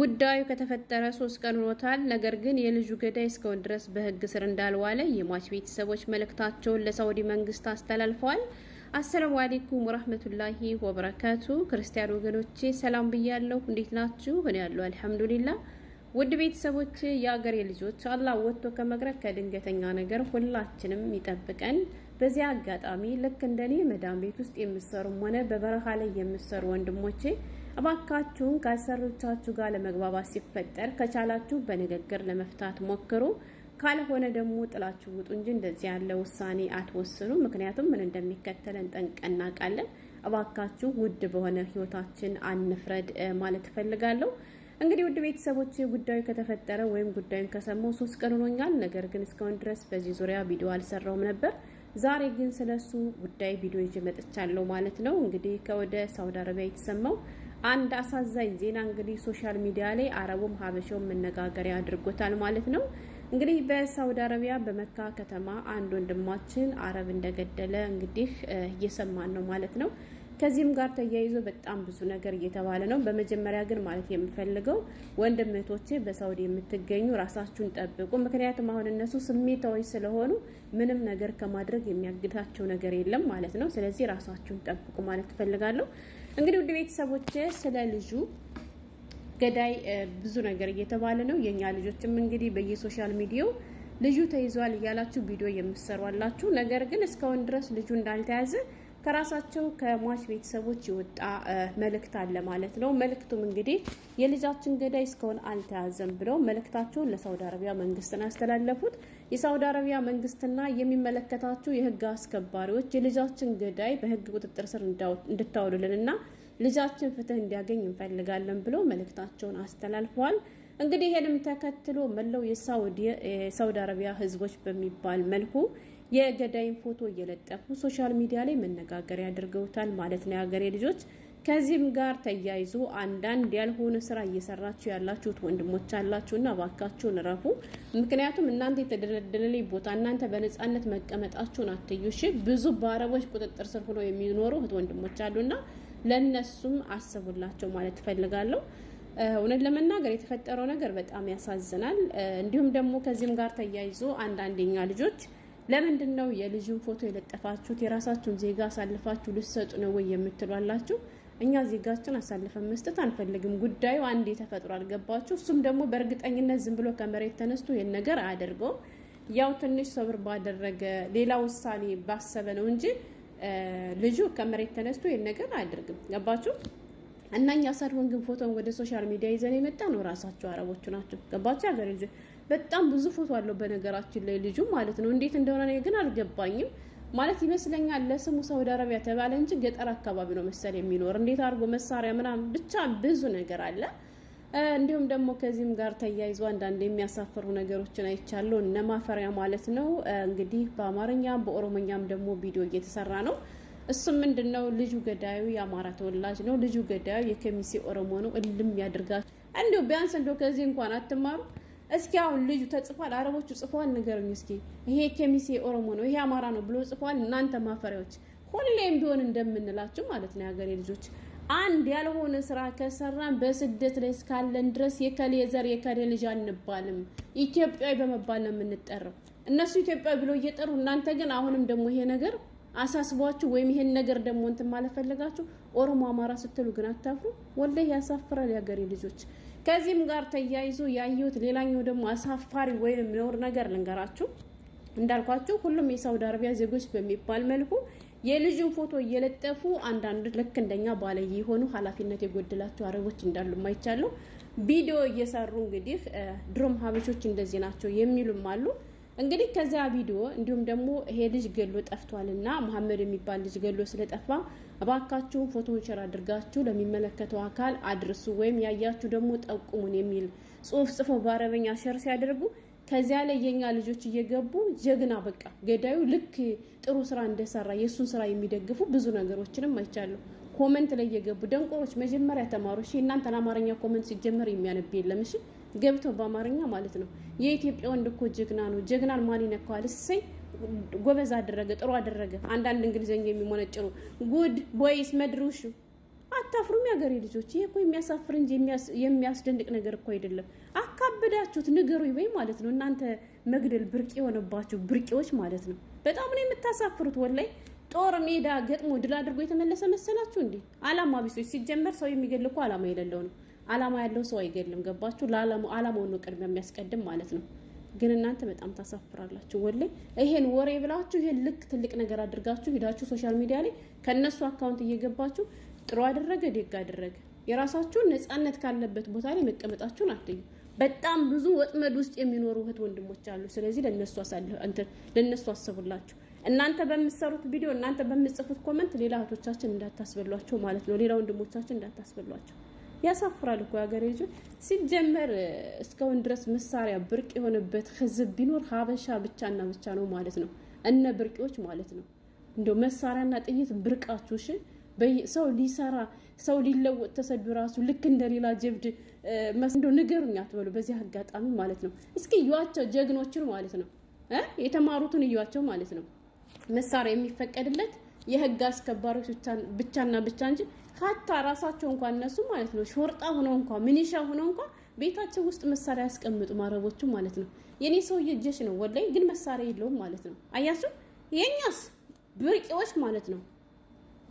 ጉዳዩ ከተፈጠረ ሶስት ቀን ሆኖታል። ነገር ግን የልጁ ገዳይ እስካሁን ድረስ በህግ ስር እንዳልዋለ የሟች ቤተሰቦች መልእክታቸውን ለሳውዲ መንግስት አስተላልፈዋል። አሰላሙ አሌይኩም ወራህመቱላሂ ወበረካቱ። ክርስቲያን ወገኖቼ ሰላም ብያለሁ። እንዴት ናችሁ? እኔ ያለሁ አልሐምዱሊላ። ውድ ቤተሰቦች፣ የአገሬ ልጆች አላህ ወጥቶ ከመቅረት ከድንገተኛ ነገር ሁላችንም ይጠብቀን። በዚያ አጋጣሚ ልክ እንደኔ መዳም ቤት ውስጥ የምሰሩም ሆነ በበረሃ ላይ የምሰሩ ወንድሞቼ እባካችሁን ከአሰሪዎቻችሁ ጋር ለመግባባት ሲፈጠር ከቻላችሁ በንግግር ለመፍታት ሞክሩ። ካልሆነ ደግሞ ጥላችሁ ውጡ እንጂ እንደዚህ ያለ ውሳኔ አትወስኑ። ምክንያቱም ምን እንደሚከተለን ጠንቅቀን እናውቃለን። እባካችሁ ውድ በሆነ ህይወታችን አንፍረድ ማለት እፈልጋለሁ። እንግዲህ ውድ ቤተሰቦች ጉዳዩ ከተፈጠረ ወይም ጉዳዩን ከሰማው ሶስት ቀን ሆኖኛል። ነገር ግን እስካሁን ድረስ በዚህ ዙሪያ ቪዲዮ አልሰራውም ነበር። ዛሬ ግን ስለሱ ጉዳይ ቪዲዮ ይዤ መጥቻለሁ ማለት ነው። እንግዲህ ከወደ ሳውዲ አረቢያ የተሰማው አንድ አሳዛኝ ዜና እንግዲህ ሶሻል ሚዲያ ላይ አረቡም ሀበሻውን መነጋገሪያ አድርጎታል ማለት ነው። እንግዲህ በሳውዲ አረቢያ በመካ ከተማ አንድ ወንድማችን አረብ እንደገደለ እንግዲህ እየሰማን ነው ማለት ነው። ከዚህም ጋር ተያይዞ በጣም ብዙ ነገር እየተባለ ነው። በመጀመሪያ ግን ማለት የምፈልገው ወንድም እህቶቼ በሳውዲ የምትገኙ ራሳችሁን ጠብቁ። ምክንያቱም አሁን እነሱ ስሜታዎች ስለሆኑ ምንም ነገር ከማድረግ የሚያግዳቸው ነገር የለም ማለት ነው። ስለዚህ ራሳችሁን ጠብቁ ማለት ትፈልጋለሁ። እንግዲህ ውድ ቤተሰቦች ስለ ልጁ ገዳይ ብዙ ነገር እየተባለ ነው። የእኛ ልጆችም እንግዲህ በየሶሻል ሚዲያው ልጁ ተይዟል እያላችሁ ቪዲዮ የምሰሯላችሁ፣ ነገር ግን እስካሁን ድረስ ልጁ እንዳልተያዘ ከራሳቸው ከሟች ቤተሰቦች የወጣ መልእክት አለ ማለት ነው። መልእክቱም እንግዲህ የልጃችን ገዳይ እስካሁን አልተያዘም ብለው መልእክታቸውን ለሳውዲ አረቢያ መንግስትን ያስተላለፉት የሳውዲ አረቢያ መንግስትና የሚመለከታቸው የህግ አስከባሪዎች የልጃችን ገዳይ በህግ ቁጥጥር ስር እንድታውሉልንና ልጃችን ፍትህ እንዲያገኝ እንፈልጋለን ብሎ መልእክታቸውን አስተላልፈዋል። እንግዲህ ይህንም ተከትሎ መላው የሳውዲ አረቢያ ህዝቦች በሚባል መልኩ የገዳይን ፎቶ እየለጠፉ ሶሻል ሚዲያ ላይ መነጋገር ያደርገውታል ማለት ነው የሀገሬ ልጆች። ከዚህም ጋር ተያይዞ አንዳንድ ያልሆነ ስራ እየሰራችሁ ያላችሁት ወንድሞች አላችሁና እባካችሁን ረፉ። ምክንያቱም እናንተ የተደለደለልኝ ቦታ እናንተ በነፃነት መቀመጣችሁን አትዩሽ። ብዙ በአረቦች ቁጥጥር ስር ሆነው የሚኖሩ እህት ወንድሞች አሉና ለእነሱም አስቡላቸው ማለት ትፈልጋለሁ። እውነት ለመናገር የተፈጠረው ነገር በጣም ያሳዝናል። እንዲሁም ደግሞ ከዚህም ጋር ተያይዞ አንዳንደኛ ልጆች ለምንድን ነው የልጁን ፎቶ የለጠፋችሁት? የራሳችሁን ዜጋ አሳልፋችሁ ልሰጡ ነው ወይ የምትሏላችሁ? እኛ ዜጋችን አሳልፈን መስጠት አንፈልግም። ጉዳዩ አንዴ ተፈጥሯል። ገባችሁ? እሱም ደግሞ በእርግጠኝነት ዝም ብሎ ከመሬት ተነስቶ ይህን ነገር አያደርገውም። ያው ትንሽ ሰብር ባደረገ ሌላ ውሳኔ ባሰበ ነው እንጂ ልጁ ከመሬት ተነስቶ ይህን ነገር አያደርግም። ገባችሁ? እና እኛ ሳድሆን ግን ፎቶን ወደ ሶሻል ሚዲያ ይዘን የመጣ ነው ራሳቸው አረቦቹ ናቸው። ገባችሁ? ያገር በጣም ብዙ ፎቶ አለው በነገራችን ላይ ልጁ ማለት ነው። እንዴት እንደሆነ ግን አልገባኝም። ማለት ይመስለኛል ለስሙ ሳውዲ አረቢያ ተባለ እንጂ ገጠር አካባቢ ነው መሰል የሚኖር እንዴት አድርጎ መሳሪያ ምናምን ብቻ ብዙ ነገር አለ። እንዲሁም ደግሞ ከዚህም ጋር ተያይዞ አንዳንድ የሚያሳፍሩ ነገሮችን አይቻለሁ። እነ ማፈሪያ ማለት ነው እንግዲህ በአማርኛም በኦሮሞኛም ደግሞ ቪዲዮ እየተሰራ ነው። እሱም ምንድን ነው ልጁ ገዳዩ የአማራ ተወላጅ ነው። ልጁ ገዳዩ የከሚሴ ኦሮሞ ነው። እልም ያድርጋችሁ። እንዲሁ ቢያንስ እንዲሁ ከዚህ እንኳን አትማሩ። እስኪ አሁን ልጁ ተጽፏል፣ አረቦቹ ጽፏል፣ ንገሩኝ እስኪ ይሄ ኬሚሴ ኦሮሞ ነው ይሄ አማራ ነው ብሎ ጽፏል። እናንተ ማፈሪያዎች ሁሌም ቢሆን እንደምንላችሁ ማለት ነው የሀገሬ ልጆች አንድ ያልሆነ ስራ ከሰራን በስደት ላይ እስካለን ድረስ የከሌ ዘር የከሌ ልጅ አንባልም። ኢትዮጵያዊ በመባል ነው የምንጠራው። እነሱ ኢትዮጵያዊ ብሎ እየጠሩ እናንተ ግን አሁንም ደግሞ ይሄ ነገር አሳስቧችሁ ወይም ይሄን ነገር ደግሞ እንትን ማለፈለጋችሁ ኦሮሞ አማራ ስትሉ ግን አታፍሩ። ወላሂ ያሳፍራል የሀገሬ ልጆች። ከዚህም ጋር ተያይዞ ያየሁት ሌላኛው ደግሞ አሳፋሪ ወይም ነውር ነገር ልንገራችሁ። እንዳልኳችሁ ሁሉም የሳውዲ አረቢያ ዜጎች በሚባል መልኩ የልጁን ፎቶ እየለጠፉ አንዳንድ ልክ እንደኛ ባለ የሆኑ ኃላፊነት የጎደላቸው አረቦች እንዳሉ ማይቻሉ ቪዲዮ እየሰሩ እንግዲህ ድሮም ሀበሾች እንደዚህ ናቸው የሚሉም አሉ። እንግዲህ ከዚያ ቪዲዮ እንዲሁም ደግሞ ይሄ ልጅ ገሎ ጠፍቷል እና መሀመድ የሚባል ልጅ ገሎ ስለጠፋ እባካችሁን ፎቶውን ሸር አድርጋችሁ ለሚመለከተው አካል አድርሱ ወይም ያያችሁ ደግሞ ጠቁሙን የሚል ጽሁፍ ጽፎ በአረበኛ ሸር ሲያደርጉ ከዚያ ላይ የኛ ልጆች እየገቡ ጀግና በቃ ገዳዩ ልክ ጥሩ ስራ እንደሰራ የእሱን ስራ የሚደግፉ ብዙ ነገሮችንም አይቻለሁ። ኮመንት ላይ እየገቡ ደንቆሮች መጀመሪያ ተማሩ። እናንተን አማርኛ ኮመንት ሲጀመር የሚያነብ የለም። ገብተው በአማርኛ ማለት ነው። የኢትዮጵያ ወንድ እኮ ጀግና ነው። ጀግናን ማን ይነካዋል? እሰይ ጎበዝ አደረገ፣ ጥሩ አደረገ። አንዳንድ እንግሊዝኛ የሚሞነጭሩ ጉድ ቦይስ መድሩሹ አታፍሩም? ያገሬ ልጆች፣ ይሄ እኮ የሚያሳፍር እንጂ የሚያስደንቅ ነገር እኮ አይደለም። አካብዳችሁት ንገሩ ወይ ማለት ነው። እናንተ መግደል ብርቅ የሆነባችሁ ብርቄዎች ማለት ነው። በጣም ነው የምታሳፍሩት። ወላይ ጦር ሜዳ ገጥሞ ድል አድርጎ የተመለሰ መሰላችሁ እንዴ? አላማ ቢሶች። ሲጀመር ሰው የሚገል እኮ አላማ የሌለው ነው። አላማ ያለው ሰው አይገልም ገባችሁ? አላማውን ነው ቅድሚያ የሚያስቀድም ማለት ነው። ግን እናንተ በጣም ታሳፍራላችሁ። ወላሂ ይሄን ወሬ ብላችሁ ይሄን ልክ ትልቅ ነገር አድርጋችሁ ሄዳችሁ ሶሻል ሚዲያ ላይ ከእነሱ አካውንት እየገባችሁ ጥሩ አደረገ ደግ አደረገ የራሳችሁን ነፃነት ካለበት ቦታ ላይ መቀመጣችሁን አትዩ። በጣም ብዙ ወጥመድ ውስጥ የሚኖሩ እህት ወንድሞች አሉ። ስለዚህ ለእነሱ አስቡላችሁ። እናንተ በምትሰሩት ቪዲዮ፣ እናንተ በምትጽፉት ኮመንት ሌላ እህቶቻችን እንዳታስበሏቸው ማለት ነው። ሌላ ወንድሞቻችን እንዳታስበሏቸው። ያሳፍራል እኮ ሀገር ልጆች። ሲጀመር እስካሁን ድረስ መሳሪያ ብርቅ የሆነበት ህዝብ ቢኖር ሀበሻ ብቻና ብቻ ነው ማለት ነው፣ እነ ብርቂዎች ማለት ነው። እንደው መሳሪያና ጥይት ብርቃችሁ እሺ። ሰው ሊሰራ ሰው ሊለወጥ ተሰዱ ራሱ ልክ እንደሌላ ጀብድ እንደው ንገሩኝ አትበሉ። በዚህ አጋጣሚ ማለት ነው እስኪ እዩዋቸው ጀግኖችን ማለት ነው የተማሩትን እዩዋቸው ማለት ነው። መሳሪያ የሚፈቀድለት የህግ አስከባሪዎች ብቻና ብቻ እንጂ ሀታ ራሳቸው እንኳን እነሱ ማለት ነው ሾርጣ ሆኖ እንኳ ሚኒሻ ሆኖ እንኳ ቤታቸው ውስጥ መሳሪያ ያስቀምጡ ማረቦቹ ማለት ነው። የኔ ሰውዬ እየጀሽ ነው ወላይ ግን መሳሪያ የለውም ማለት ነው። አያችሁ የኛስ ብርቄዎች ማለት ነው።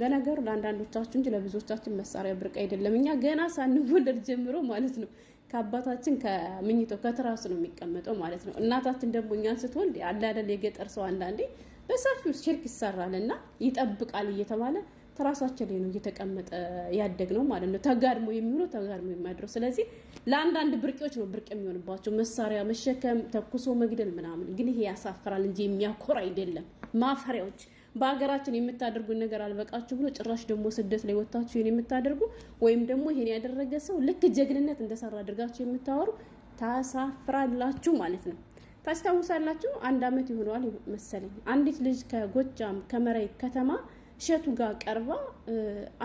ለነገሩ ለአንዳንዶቻችሁ እንጂ ለብዙዎቻችን መሳሪያ ብርቅ አይደለም። እኛ ገና ሳንወለድ ጀምሮ ማለት ነው ከአባታችን ከምኝተው ከትራሱ ነው የሚቀመጠው ማለት ነው። እናታችን ደግሞ እኛን ስትወልድ አለ የገጠር ሰው አንዳንዴ በሰፊው ሽርክ ይሰራል እና ይጠብቃል እየተባለ ተራሳችን ላይ ነው እየተቀመጠ ያደግ ነው ማለት ነው። ተጋድሞ የሚውለው ተጋድሞ የሚያድረው ስለዚህ ለአንዳንድ ብርቄዎች ነው ብርቅ የሚሆንባቸው መሳሪያ መሸከም፣ ተኩሶ መግደል ምናምን። ግን ይሄ ያሳፍራል እንጂ የሚያኮር አይደለም። ማፈሪያዎች በሀገራችን የምታደርጉን ነገር አልበቃችሁ ብሎ ጭራሽ ደግሞ ስደት ላይ ወጥታችሁ ይሄን የምታደርጉ ወይም ደግሞ ይሄን ያደረገ ሰው ልክ ጀግንነት እንደሰራ አድርጋችሁ የምታወሩ ታሳፍራላችሁ ማለት ነው። ታስታውሳላችሁ፣ አንድ አመት ይሆነዋል መሰለኝ አንዲት ልጅ ከጎጃም ከመራይ ከተማ እሸቱ ጋር ቀርባ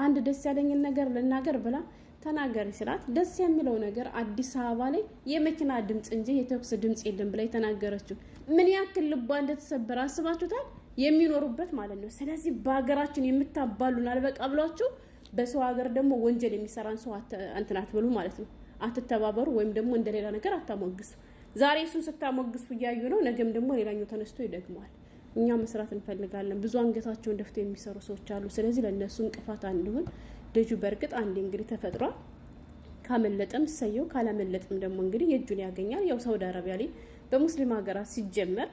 አንድ ደስ ያለኝን ነገር ልናገር ብላ ተናገሪ ስላት ደስ የሚለው ነገር አዲስ አበባ ላይ የመኪና ድምፅ እንጂ የተኩስ ድምፅ የለም ብላ የተናገረችው ምን ያክል ልቧ እንደተሰበረ አስባችሁታል? የሚኖሩበት ማለት ነው። ስለዚህ በሀገራችን የምታባሉን አልበቃ ብሏችሁ በሰው ሀገር ደግሞ ወንጀል የሚሰራን ሰው እንትን አትበሉ ማለት ነው። አትተባበሩ፣ ወይም ደግሞ እንደሌላ ነገር አታሞግሱ። ዛሬ እሱን ስታሞግሱ እያዩ ነው፣ ነገም ደግሞ ሌላኛው ተነስቶ ይደግመዋል። እኛ መስራት እንፈልጋለን። ብዙ አንገታቸውን ደፍቶ የሚሰሩ ሰዎች አሉ። ስለዚህ ለእነሱ እንቅፋት አንድሁን። ልጁ በእርግጥ አንዴ እንግዲህ ተፈጥሯል። ካመለጠም ሰየው፣ ካላመለጠም ደግሞ እንግዲህ የእጁን ያገኛል። ያው ሳውዲ አረቢያ ላይ በሙስሊም ሀገራት ሲጀመር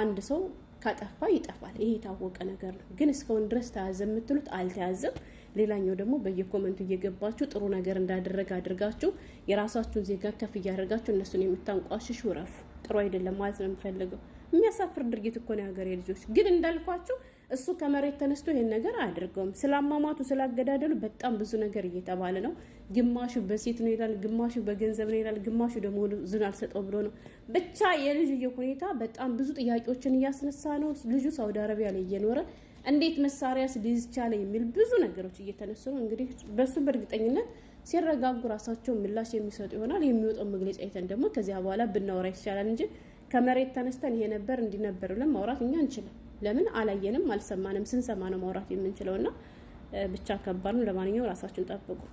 አንድ ሰው ካጠፋ ይጠፋል። ይሄ የታወቀ ነገር ነው። ግን እስካሁን ድረስ ተያዘ የምትሉት አልተያዘም። ሌላኛው ደግሞ በየኮመንቱ እየገባችሁ ጥሩ ነገር እንዳደረገ አድርጋችሁ የራሳችሁን ዜጋ ከፍ እያደረጋችሁ እነሱን የምታንቋሽሹ ውረፉ። ጥሩ አይደለም ማለት ነው የምፈልገው። የሚያሳፍር ድርጊት እኮ ነው የሀገሬ ልጆች። ግን እንዳልኳችሁ እሱ ከመሬት ተነስቶ ይሄን ነገር አያደርገውም። ስለአማማቱ ስላገዳደሉ በጣም ብዙ ነገር እየተባለ ነው። ግማሹ በሴት ነው ይላል፣ ግማሹ በገንዘብ ነው ይላል፣ ግማሹ ደግሞ ዝን አልሰጠው ብሎ ነው። ብቻ የልጁ ሁኔታ በጣም ብዙ ጥያቄዎችን እያስነሳ ነው። ልጁ ሳውዲ አረቢያ ላይ እየኖረ እንዴት መሳሪያ ሊይዝ ቻለ የሚል ብዙ ነገሮች እየተነሱ ነው። እንግዲህ በሱ በእርግጠኝነት ሲረጋጉ ራሳቸው ምላሽ የሚሰጡ ይሆናል። የሚወጣው መግለጫ አይተን ደግሞ ከዚያ በኋላ ብናወራ ይሻላል እንጂ ከመሬት ተነስተን ይሄ ነበር እንዲህ ነበር ብለን ማውራት እኛ እንችልም። ለምን አላየንም፣ አልሰማንም። ስንሰማ ነው ማውራት የምንችለው። እና ብቻ ከባድ ነው። ለማንኛውም ራሳችሁን ጠብቁ።